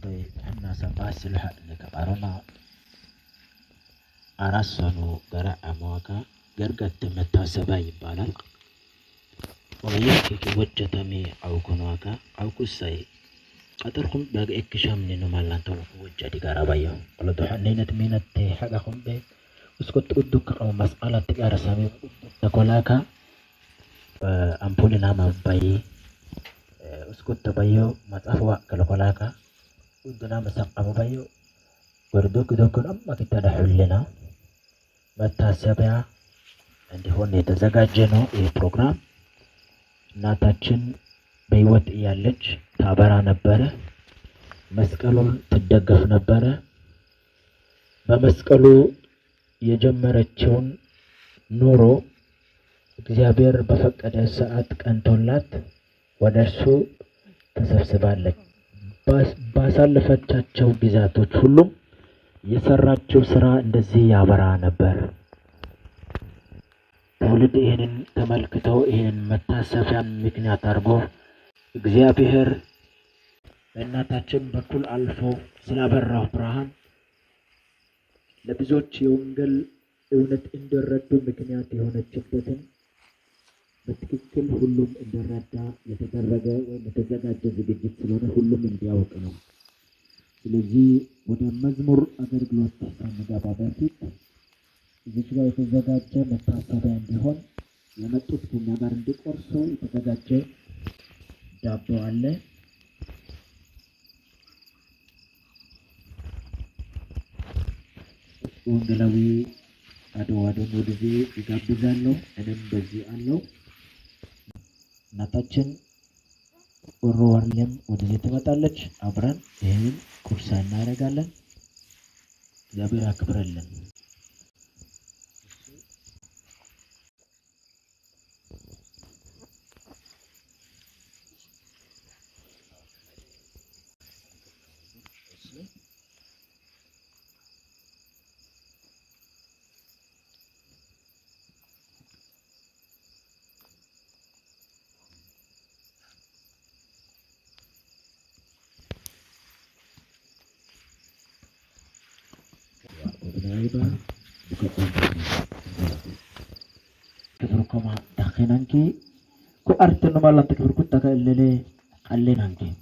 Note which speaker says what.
Speaker 1: ɓe annasaba silha daga ƙarama arasano gara amaka gargatta mattasaba ይባላል ወየክክ ወጀተሜ አውኩናካ አውኩሳይ قدركم باقي اكشام نينو مالان تو وجه دي غرابايا ولا دوحا نينت مينت حاجه خم بي اسكت قدك او مسألة تقار سامي تقولاكا امبولنا مباي اسكت تبايو مصافوا كلقولاكا uduna ባዩ ወርዶ ግዶግን አማ ግደዳሑልና መታሰቢያ እንዲሆን የተዘጋጀ ነው ይህ ፕሮግራም። እናታችን በሕይወት እያለች ታበራ ነበረ። መስቀሉን ትደገፍ ነበረ። በመስቀሉ የጀመረችውን ኑሮ እግዚአብሔር በፈቀደ ሰዓት ቀንቶላት ወደ እርሱ ተሰብስባለች። ባሳለፈቻቸው ጊዜያቶች ሁሉም የሰራቸው ስራ እንደዚህ ያበራ ነበር። ትውልድ ይህንን ተመልክተው ይህንን መታሰቢያ ምክንያት አድርጎ እግዚአብሔር በእናታችን በኩል አልፎ ስላበራው ብርሃን ለብዙዎች የወንጌል እውነት እንዲረዱ ምክንያት የሆነችበትን በትክክል ሁሉም እንዲረዳ የተደረገ ወይም የተዘጋጀ ዝግጅት ስለሆነ ሁሉም እንዲያውቅ ነው። ስለዚህ ወደ መዝሙር አገልግሎት ከሚገባ በፊት እዚች ጋር የተዘጋጀ መታሰቢያ እንዲሆን የመጡት ቡና ጋር እንዲቆርሱ የተዘጋጀ ዳቦ አለ። ወንጌላዊ አድዋ ደግሞ ይጋብዛለሁ። እኔም በዚህ አለው። እናታችን ሮ ወርሌም ወደዚህ ትመጣለች። አብረን ይህንን ኩርሳ እናደርጋለን። እግዚአብሔር ያክብረልን። Leiber dikukunci. nomor lantik ku artenuma lam